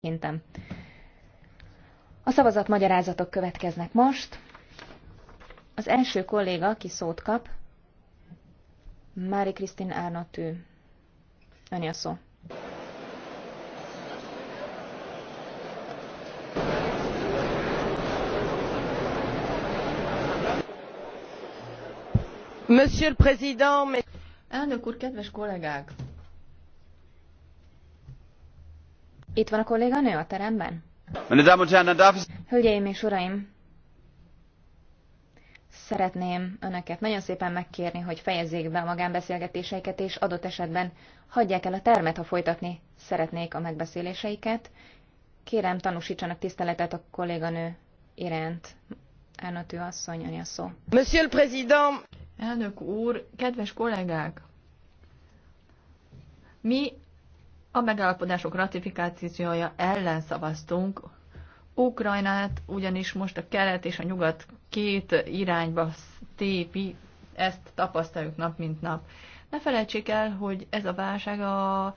Szerintem. A magyarázatok következnek most. Az első kolléga, aki szót kap, Mári Krisztin Árnatű. Öni a szó. Monsieur le Président, Elnök úr, kedves kollégák! Itt van a kolléganő a teremben? Hölgyeim és uraim! Szeretném önöket nagyon szépen megkérni, hogy fejezzék be a magánbeszélgetéseiket, és adott esetben hagyják el a termet, ha folytatni szeretnék a megbeszéléseiket. Kérem, tanúsítsanak tiszteletet a kolléganő iránt. úr, asszony, ön a szó. Monsieur le Président! Elnök úr, kedves kollégák! Mi a megállapodások ratifikációja ellen szavaztunk. Ukrajnát ugyanis most a kelet és a nyugat két irányba tépi, ezt tapasztaljuk nap mint nap. Ne felejtsék el, hogy ez a válság a,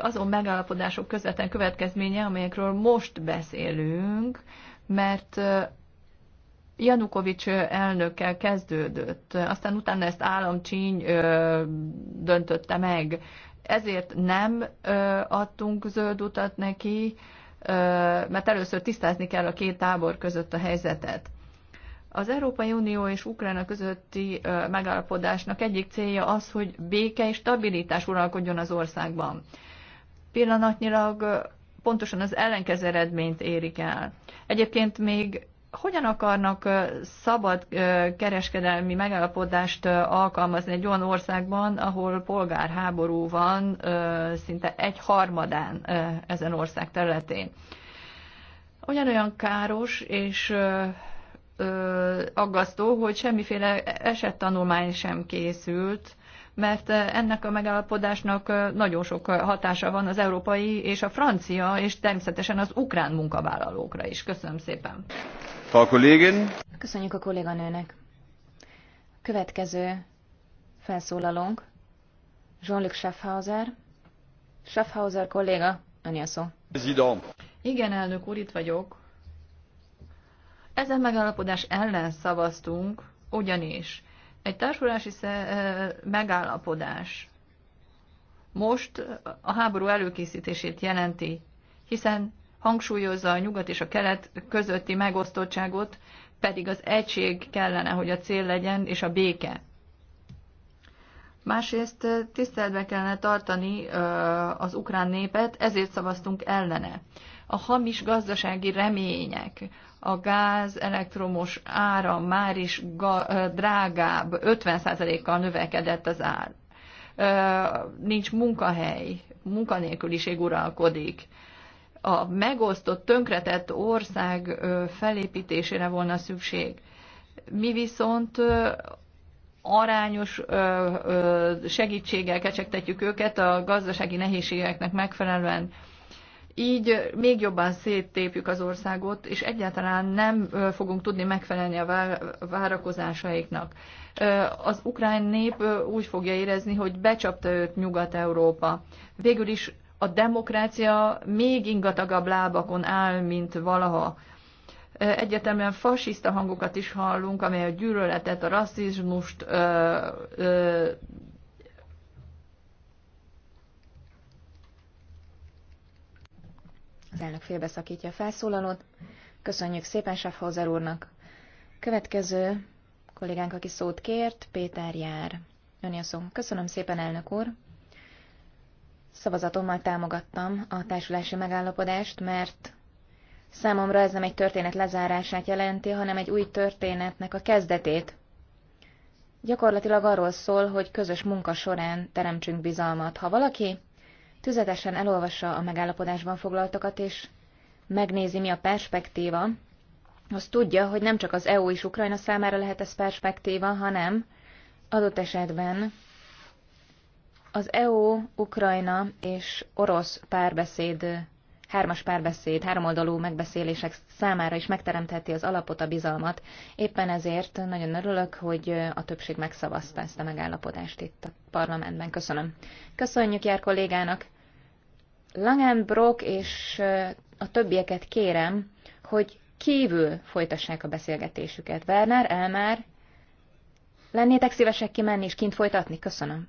azon megállapodások közvetlen következménye, amelyekről most beszélünk, mert Janukovics elnökkel kezdődött, aztán utána ezt államcsíny döntötte meg ezért nem adtunk zöld utat neki, mert először tisztázni kell a két tábor között a helyzetet. Az Európai Unió és Ukrajna közötti megállapodásnak egyik célja az, hogy béke és stabilitás uralkodjon az országban. Pillanatnyilag pontosan az ellenkező eredményt érik el. Egyébként még hogyan akarnak szabad kereskedelmi megállapodást alkalmazni egy olyan országban, ahol polgárháború van szinte egy harmadán ezen ország területén? Ugyanolyan káros és aggasztó, hogy semmiféle esettanulmány sem készült, mert ennek a megállapodásnak nagyon sok hatása van az európai és a francia, és természetesen az ukrán munkavállalókra is. Köszönöm szépen! Frau Köszönjük a kolléganőnek. Következő felszólalónk Jean-Luc Schaffhauser. Schaffhauser kolléga, ön a szó. Igen, elnök úr, itt vagyok. Ezen megállapodás ellen szavaztunk, ugyanis egy társulási megállapodás most a háború előkészítését jelenti, hiszen hangsúlyozza a nyugat és a kelet közötti megosztottságot, pedig az egység kellene, hogy a cél legyen, és a béke. Másrészt tiszteletbe kellene tartani az ukrán népet, ezért szavaztunk ellene. A hamis gazdasági remények, a gáz, elektromos ára már is drágább, 50%-kal növekedett az ár. Nincs munkahely, munkanélküliség uralkodik a megosztott, tönkretett ország felépítésére volna szükség. Mi viszont arányos segítséggel kecsegtetjük őket a gazdasági nehézségeknek megfelelően. Így még jobban széttépjük az országot, és egyáltalán nem fogunk tudni megfelelni a várakozásaiknak. Az ukrán nép úgy fogja érezni, hogy becsapta őt Nyugat-Európa. Végül is a demokrácia még ingatagabb lábakon áll, mint valaha. Egyetemen fasiszta hangokat is hallunk, amely a gyűlöletet, a rasszizmust ö, ö, Az elnök félbeszakítja a felszólalót. Köszönjük szépen Schaffhauser úrnak. Következő kollégánk, aki szót kért, Péter Jár. Jönni a szó. Köszönöm szépen, elnök úr szavazatommal támogattam a társulási megállapodást, mert számomra ez nem egy történet lezárását jelenti, hanem egy új történetnek a kezdetét. Gyakorlatilag arról szól, hogy közös munka során teremtsünk bizalmat. Ha valaki tüzetesen elolvassa a megállapodásban foglaltakat, és megnézi, mi a perspektíva, az tudja, hogy nem csak az EU és Ukrajna számára lehet ez perspektíva, hanem adott esetben az EU, Ukrajna és orosz párbeszéd, hármas párbeszéd, háromoldalú megbeszélések számára is megteremtheti az alapot, a bizalmat. Éppen ezért nagyon örülök, hogy a többség megszavazta ezt a megállapodást itt a parlamentben. Köszönöm. Köszönjük jár kollégának. Langenbrock és a többieket kérem, hogy kívül folytassák a beszélgetésüket. Werner, Elmár, lennétek szívesek kimenni és kint folytatni? Köszönöm.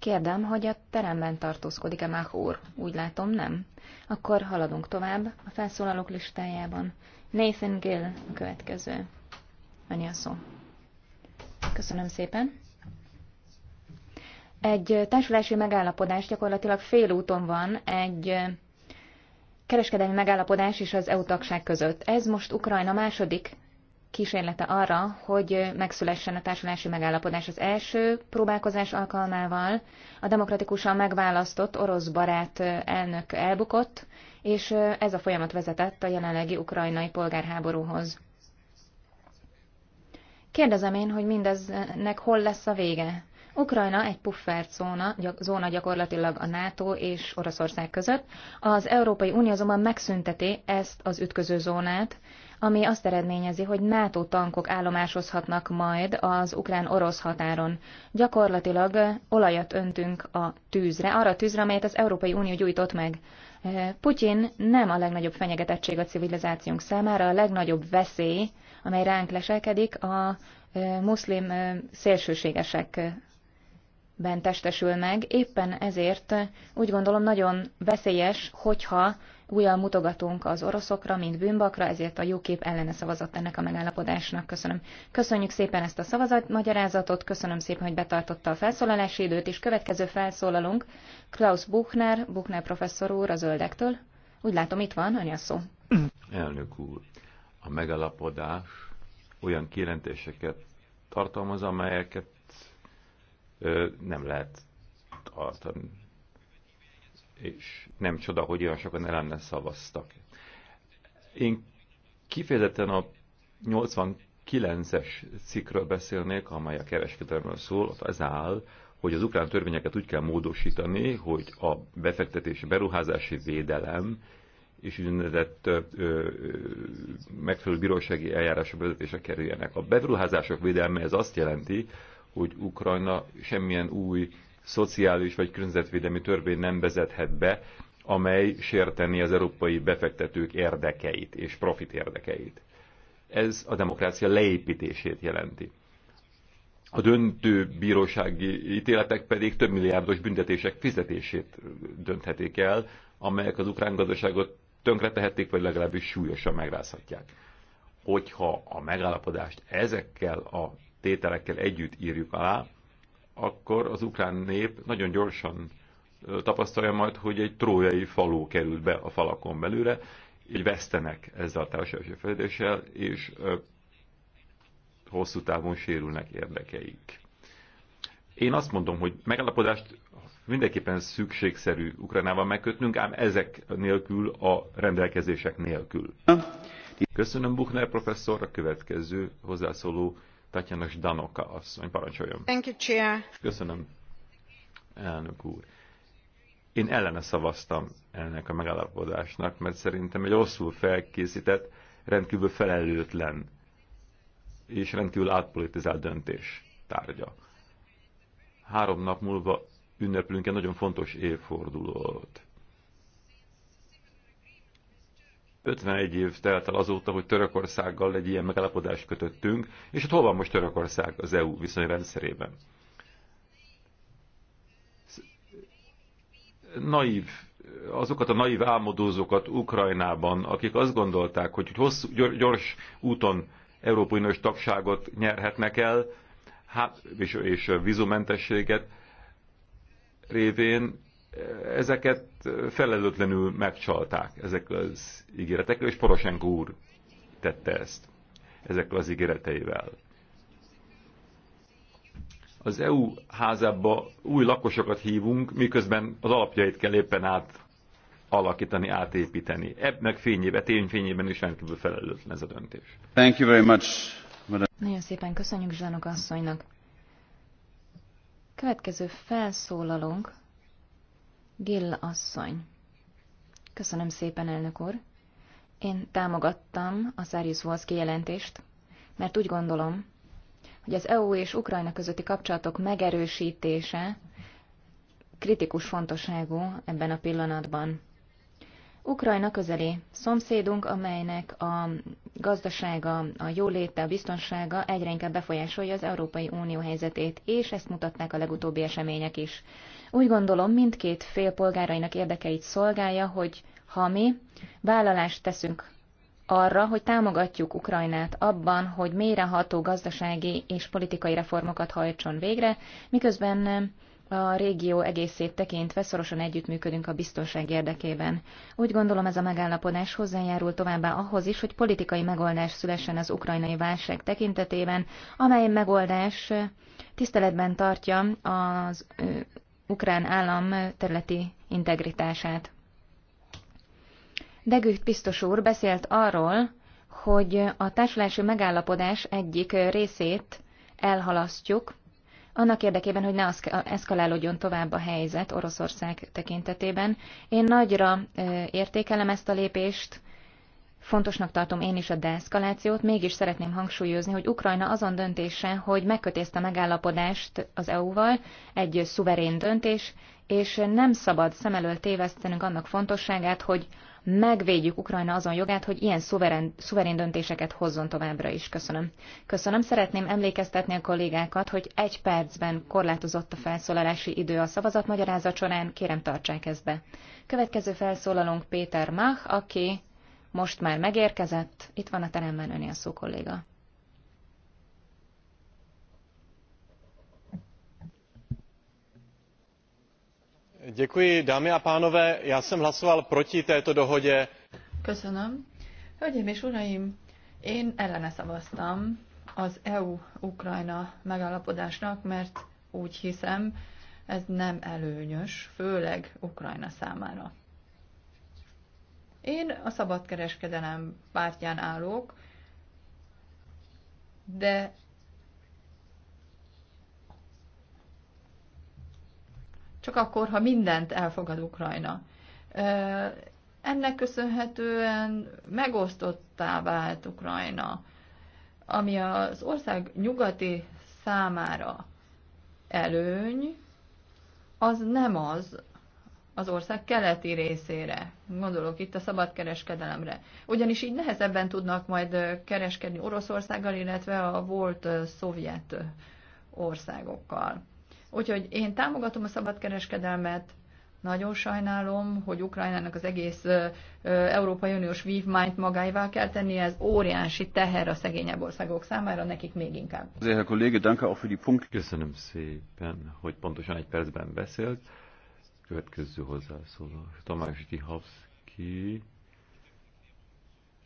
Kérdem, hogy a teremben tartózkodik-e Mach úr? Úgy látom, nem. Akkor haladunk tovább a felszólalók listájában. Nathan Gill a következő. Annyi a szó. Köszönöm szépen. Egy társulási megállapodás gyakorlatilag félúton van egy kereskedelmi megállapodás és az EU tagság között. Ez most Ukrajna második kísérlete arra, hogy megszülessen a társulási megállapodás. Az első próbálkozás alkalmával a demokratikusan megválasztott orosz barát elnök elbukott, és ez a folyamat vezetett a jelenlegi ukrajnai polgárháborúhoz. Kérdezem én, hogy mindeznek hol lesz a vége? Ukrajna egy zóna, zóna gyakorlatilag a NATO és Oroszország között, az Európai Unió azonban megszünteti ezt az ütköző zónát, ami azt eredményezi, hogy NATO tankok állomásozhatnak majd az ukrán-orosz határon. Gyakorlatilag olajat öntünk a tűzre, arra a tűzre, amelyet az Európai Unió gyújtott meg. Eh, Putyin nem a legnagyobb fenyegetettség a civilizációnk számára, a legnagyobb veszély, amely ránk leselkedik, a eh, muszlim eh, szélsőségesek ben testesül meg, éppen ezért úgy gondolom nagyon veszélyes, hogyha újjal mutogatunk az oroszokra, mint bűnbakra, ezért a jó kép ellene szavazott ennek a megállapodásnak. Köszönöm. Köszönjük szépen ezt a szavazatmagyarázatot, köszönöm szépen, hogy betartotta a felszólalási időt, és következő felszólalunk Klaus Buchner, Buchner professzor úr a Zöldektől. Úgy látom, itt van, anya szó. Elnök úr, a megalapodás olyan kijelentéseket tartalmaz, amelyeket ö, nem lehet tartani és nem csoda, hogy olyan sokan ellene szavaztak. Én kifejezetten a 89-es cikkről beszélnék, amely a kereskedelmről szól, ott az áll, hogy az ukrán törvényeket úgy kell módosítani, hogy a befektetési beruházási védelem és ügynevezett megfelelő bírósági eljárások vezetése kerüljenek. A beruházások védelme ez azt jelenti, hogy Ukrajna semmilyen új szociális vagy környezetvédelmi törvény nem vezethet be, amely sérteni az európai befektetők érdekeit és profit érdekeit. Ez a demokrácia leépítését jelenti. A döntő bírósági ítéletek pedig több milliárdos büntetések fizetését dönthetik el, amelyek az ukrán gazdaságot tönkretehetik, vagy legalábbis súlyosan megrázhatják. Hogyha a megállapodást ezekkel a tételekkel együtt írjuk alá, akkor az ukrán nép nagyon gyorsan tapasztalja majd, hogy egy trójai falu került be a falakon belőle, így vesztenek ezzel a társadalmi fejlődéssel, és hosszú távon sérülnek érdekeik. Én azt mondom, hogy megállapodást mindenképpen szükségszerű ukránával megkötnünk, ám ezek nélkül a rendelkezések nélkül. Köszönöm Buchner professzor, a következő hozzászóló Tatjana Danoka asszony, parancsoljon. Thank you, Chair. Köszönöm, elnök úr. Én ellene szavaztam ennek a megállapodásnak, mert szerintem egy rosszul felkészített, rendkívül felelőtlen és rendkívül átpolitizált döntés tárgya. Három nap múlva ünneplünk egy nagyon fontos évfordulót. 51 év telt el azóta, hogy Törökországgal egy ilyen megállapodást kötöttünk, és ott hát hol van most Törökország az EU rendszerében? Naív, azokat a naív álmodózókat Ukrajnában, akik azt gondolták, hogy hosszú, gyors úton Európai Uniós tagságot nyerhetnek el, hát, és, és vízumentességet révén ezeket felelőtlenül megcsalták ezek az ígéretekkel, és Poroshenko úr tette ezt ezekkel az ígéreteivel. Az EU házába új lakosokat hívunk, miközben az alapjait kell éppen át alakítani, átépíteni. Ebben fényében, tényfényében is rendkívül felelőtlen ez a döntés. Thank you very much, Nagyon szépen köszönjük Zsánok asszonynak. Következő felszólalunk Gill asszony. Köszönöm szépen, elnök úr. Én támogattam a Szárjusz-Volszki jelentést, mert úgy gondolom, hogy az EU és Ukrajna közötti kapcsolatok megerősítése kritikus fontosságú ebben a pillanatban. Ukrajna közeli szomszédunk, amelynek a gazdasága, a jóléte, a biztonsága egyre inkább befolyásolja az Európai Unió helyzetét, és ezt mutatták a legutóbbi események is. Úgy gondolom, mindkét fél polgárainak érdekeit szolgálja, hogy ha mi vállalást teszünk arra, hogy támogatjuk Ukrajnát abban, hogy mélyreható gazdasági és politikai reformokat hajtson végre, miközben a régió egészét tekintve szorosan együttműködünk a biztonság érdekében. Úgy gondolom ez a megállapodás hozzájárul továbbá ahhoz is, hogy politikai megoldás szülessen az ukrajnai válság tekintetében, amely megoldás tiszteletben tartja az ukrán állam területi integritását. Degücht biztos úr beszélt arról, hogy a társulási megállapodás egyik részét elhalasztjuk, annak érdekében, hogy ne eszkalálódjon tovább a helyzet Oroszország tekintetében. Én nagyra értékelem ezt a lépést, Fontosnak tartom én is a deeszkalációt, mégis szeretném hangsúlyozni, hogy Ukrajna azon döntése, hogy megkötészte a megállapodást az EU-val, egy szuverén döntés, és nem szabad szem elől tévesztenünk annak fontosságát, hogy megvédjük Ukrajna azon jogát, hogy ilyen szuverén, szuverén döntéseket hozzon továbbra is. Köszönöm. Köszönöm. Szeretném emlékeztetni a kollégákat, hogy egy percben korlátozott a felszólalási idő a szavazatmagyarázat során. Kérem, tartsák ezt be. Következő felszólalónk Péter Mach, aki most már megérkezett, itt van a teremben öné a szó kolléga. Děkuji, dámy a pánové, já jsem hlasoval proti této dohodě. Köszönöm. Hölgyeim és uraim, én ellene szavaztam az EU-Ukrajna megállapodásnak, mert úgy hiszem, ez nem előnyös, főleg Ukrajna számára. Én a szabadkereskedelem pártján állok, de csak akkor, ha mindent elfogad Ukrajna. Ennek köszönhetően megosztottá vált Ukrajna, ami az ország nyugati számára előny, az nem az, az ország keleti részére. Gondolok itt a szabadkereskedelemre. Ugyanis így nehezebben tudnak majd kereskedni Oroszországgal, illetve a volt szovjet országokkal. Úgyhogy én támogatom a szabadkereskedelmet, nagyon sajnálom, hogy Ukrajnának az egész Európai Uniós vívmányt magáival kell tenni, ez óriási teher a szegényebb országok számára, nekik még inkább. Köszönöm szépen, hogy pontosan egy percben beszélt. Következő hozzászóló. Tamás Dihavszki.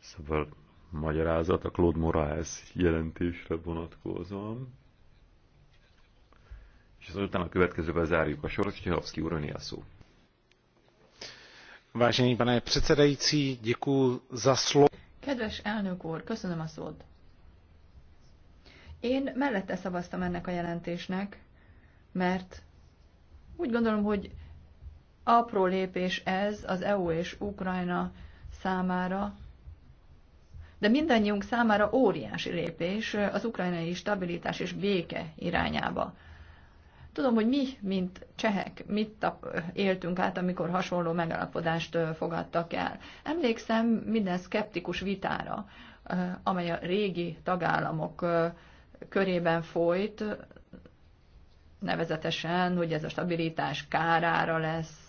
Szóval magyarázat a Claude Moraes jelentésre vonatkozom, És utána a következővel zárjuk a sort. Dihavszki úr, a szó. Vážený pane předsedající, děkuji za slovo. Kedves elnök úr, köszönöm a szót. Én mellette szavaztam ennek a jelentésnek, mert úgy gondolom, hogy Apró lépés ez az EU és Ukrajna számára, de mindannyiunk számára óriási lépés az ukrajnai stabilitás és béke irányába. Tudom, hogy mi, mint csehek, mit tap, éltünk át, amikor hasonló megállapodást fogadtak el. Emlékszem minden szkeptikus vitára, amely a régi tagállamok körében folyt, nevezetesen, hogy ez a stabilitás kárára lesz,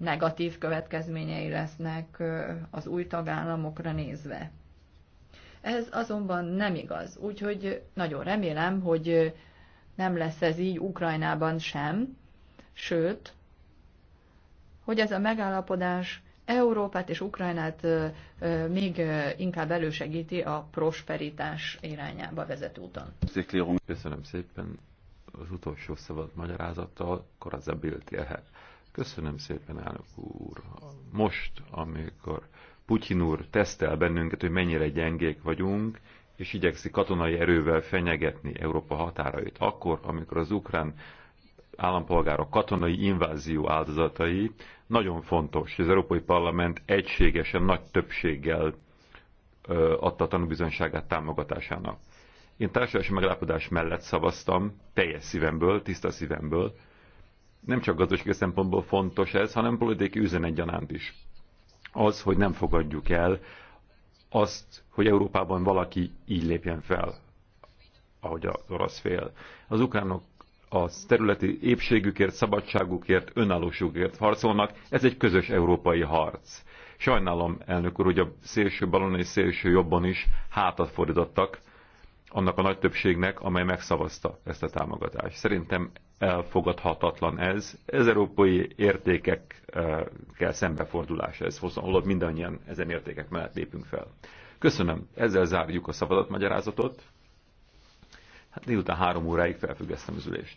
negatív következményei lesznek az új tagállamokra nézve. Ez azonban nem igaz, úgyhogy nagyon remélem, hogy nem lesz ez így Ukrajnában sem, sőt, hogy ez a megállapodás Európát és Ukrajnát még inkább elősegíti a prosperitás irányába vezető úton. Köszönöm szépen az utolsó szabad magyarázattal, Korazabil térhet. Köszönöm szépen, elnök úr. Most, amikor Putyin úr tesztel bennünket, hogy mennyire gyengék vagyunk, és igyekszik katonai erővel fenyegetni Európa határait, akkor, amikor az ukrán állampolgárok katonai invázió áldozatai, nagyon fontos, hogy az Európai Parlament egységesen nagy többséggel ö, adta a tanúbizonyságát támogatásának. Én társadalmi megállapodás mellett szavaztam, teljes szívemből, tiszta szívemből, nem csak gazdasági szempontból fontos ez, hanem politikai üzenet is. Az, hogy nem fogadjuk el azt, hogy Európában valaki így lépjen fel, ahogy az orosz fél. Az ukránok a területi épségükért, szabadságukért, önállósukért harcolnak. Ez egy közös európai harc. Sajnálom, elnök úr, hogy a szélső balon és szélső jobban is hátat fordítottak annak a nagy többségnek, amely megszavazta ezt a támogatást. Szerintem elfogadhatatlan ez. Ez európai értékekkel szembefordulás ez, holott mindannyian ezen értékek mellett lépünk fel. Köszönöm, ezzel zárjuk a szavazatmagyarázatot. Hát délután három óráig felfüggesztem az ülést.